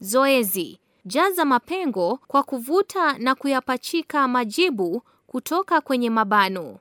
Zoezi: jaza mapengo kwa kuvuta na kuyapachika majibu kutoka kwenye mabano.